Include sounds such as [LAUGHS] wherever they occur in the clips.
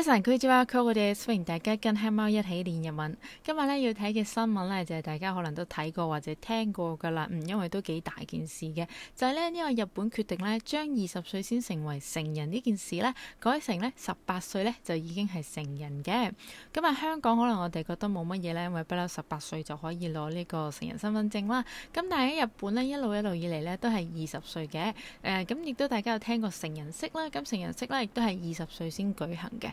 歡迎大家跟黑貓一起練日文。今日呢，要睇嘅新聞呢，就係大家可能都睇過或者聽過㗎啦。嗯，因為都幾大件事嘅，就係呢，呢個日本決定呢將二十歲先成為成人呢件事呢改成呢，十八歲呢就已經係成人嘅。咁、嗯、啊，香港可能我哋覺得冇乜嘢呢，因為不嬲十八歲就可以攞呢個成人身份證啦。咁但係喺日本呢，一路一路以嚟呢都係二十歲嘅。誒咁亦都大家有聽過成人式啦。咁成人式呢，亦都係二十歲先舉行嘅。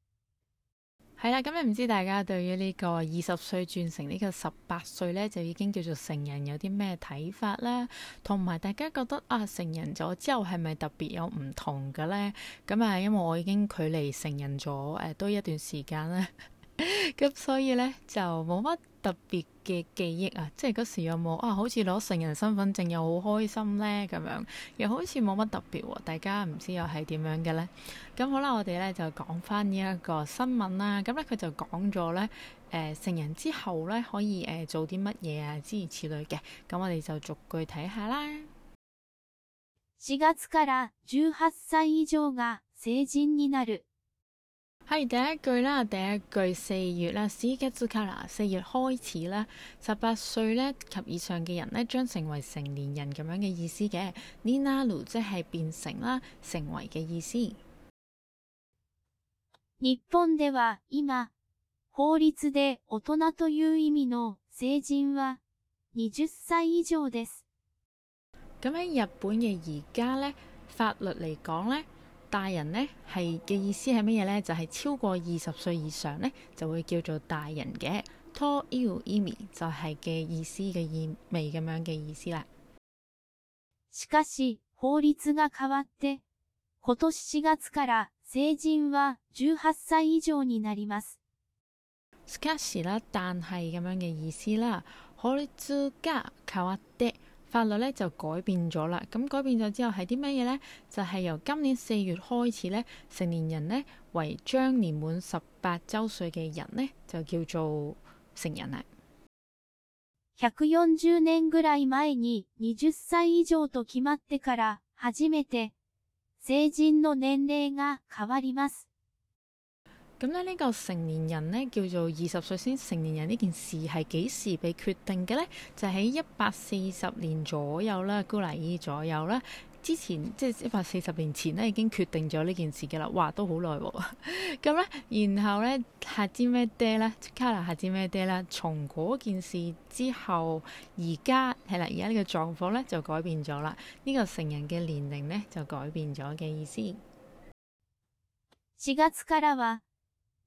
係啦，咁唔、嗯、知大家對於呢個二十歲轉成個歲呢個十八歲咧，就已經叫做成人有，有啲咩睇法咧？同埋大家覺得啊，成人咗之後係咪特別有唔同嘅咧？咁、嗯、啊，因為我已經距離成人咗誒、呃、都一段時間啦。 [LAUGHS] 咁所以咧就冇乜特別嘅記憶啊，即係嗰時有冇啊？好似攞成人身份證又好開心咧咁樣，又好似冇乜特別喎、啊。大家唔知又係點樣嘅咧？咁好啦，我哋咧就講返呢一個新聞啦。咁咧佢就講咗咧誒成人之後咧可以誒、呃、做啲乜嘢啊，諸如此類嘅。咁我哋就逐句睇下啦。係第一句咧，第一句四月啦，四月開始咧，十八歲咧及以上嘅人咧將成為成年人，咁樣嘅意思嘅，になる即係變成啦，成為嘅意思。日本では今、法律で大人という意味の成人は20歳以上です。咁喺日本嘅而家咧，法律嚟講咧。大人呢係嘅意思係乜嘢呢？就係超過二十歲以上呢，就會叫做大人嘅。という意味就係嘅意思嘅意味咁樣嘅意思啦。しかし法律が変わって、今年四月から成人は十八歳以上になります。しかし啦，但係咁樣嘅意思啦，法律が変わって。法律咧就改變咗啦，咁改變咗之後係啲咩嘢咧？就係由今年四月開始咧，成年人咧為將年滿十八週歲嘅人咧就叫做成人啦。咁咧，呢個成年人呢，叫做二十歲先成年人呢件事係幾時被決定嘅呢？就喺一百四十年左右啦，高麗爾左右啦。之前即係一百四十年前呢，已經決定咗呢件事嘅啦。哇，都好耐喎。咁呢，然後呢，夏尖咩爹咧，卡啦夏尖咩爹咧，從嗰件事之後，而家係啦，而家呢個狀況呢，就改變咗啦。呢個成人嘅年齡呢，就改變咗嘅意思。四月からは。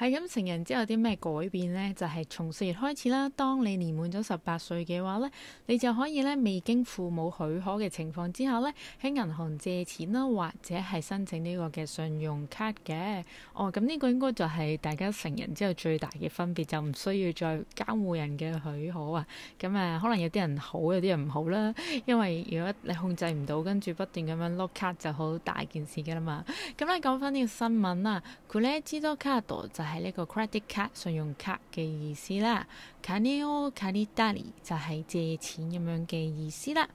係咁，成人之後啲咩改變呢？就係、是、從四月開始啦。當你年滿咗十八歲嘅話呢，你就可以呢，未經父母許可嘅情況之下呢，喺銀行借錢啦，或者係申請呢個嘅信用卡嘅。哦，咁呢個應該就係大家成人之後最大嘅分別，就唔需要再監護人嘅許可啊。咁啊，可能有啲人好，有啲人唔好啦。因為如果你控制唔到，跟住不斷咁樣碌卡就好大件事噶啦嘛。咁咧，講翻啲新聞啦，佢呢 n 多卡 l 就係、是。係呢個 credit card 信用卡嘅意思啦，金を借りたり就係借錢咁樣嘅意思啦。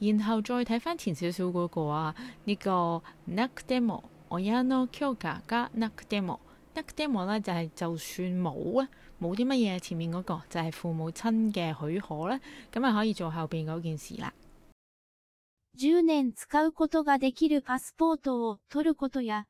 然後再睇翻前少少嗰個啊，呢個なくても、親の許可がなくてもなくても咧就係就算冇啊，冇啲乜嘢，前面嗰個就係父母親嘅許可咧，咁啊可以做後邊嗰件事啦。十年使うことができるパスポートを取ることや。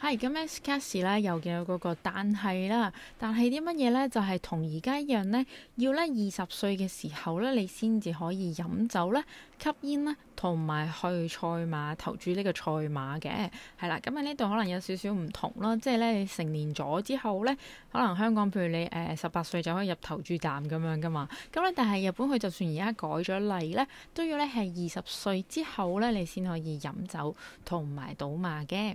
係咁 s c a s h i 咧又見到嗰個，但係啦，但係啲乜嘢咧？就係同而家一樣咧，要咧二十歲嘅時候咧，你先至可以飲酒咧、吸煙咧，同埋去賽馬投注呢個賽馬嘅係啦。咁喺呢度可能有少少唔同囉，即係咧你成年咗之後咧，可能香港譬如你誒十八歲就可以入投注站咁樣噶嘛。咁咧，但係日本佢就算而家改咗例咧，都要咧係二十歲之後咧，你先可以飲酒同埋賭馬嘅。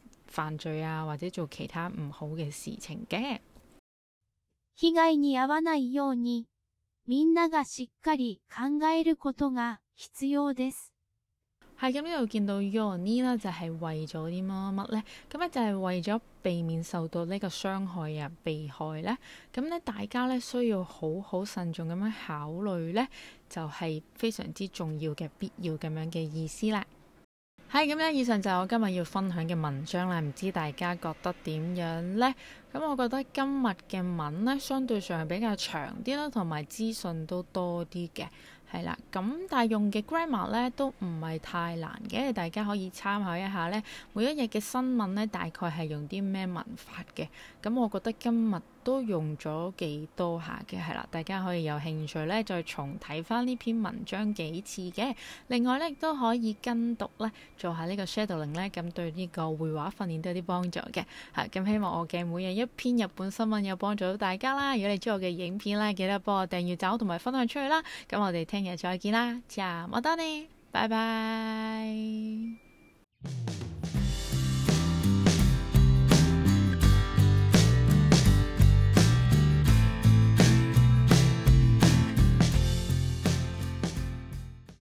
犯罪啊，或者做其他唔好嘅事情嘅。被害に遭わないように、みんながしっかり考えることが必要です。係咁呢度見到ように啦，就 [NOISE] 係為咗啲乜乜乜咧？咁咧就係為咗避免受到呢個傷害啊、被害咧。咁咧大家咧需要好好慎重咁樣考慮咧，就係、是、非常之重要嘅必要咁樣嘅意思啦。係咁樣，hey, 以上就係我今日要分享嘅文章啦。唔知大家覺得點樣呢？咁我覺得今日嘅文呢，相對上係比較長啲咯，同埋資訊都多啲嘅，係啦。咁但係用嘅 grammar 呢，都唔係太難嘅，大家可以參考一下呢，每一日嘅新聞呢，大概係用啲咩文法嘅？咁我覺得今日都用咗幾多下嘅係啦，大家可以有興趣呢，再重睇翻呢篇文章幾次嘅。另外呢，亦都可以跟讀呢，做下呢個 shadowing 咧，咁對呢個會話訓練都有啲幫助嘅。吓咁，希望我嘅每日一篇日本新聞有幫助到大家啦。如果你中意我嘅影片呢，記得幫我訂閱、讚同埋分享出去啦。咁我哋聽日再見啦 c h 得你，拜拜。 [NOISE]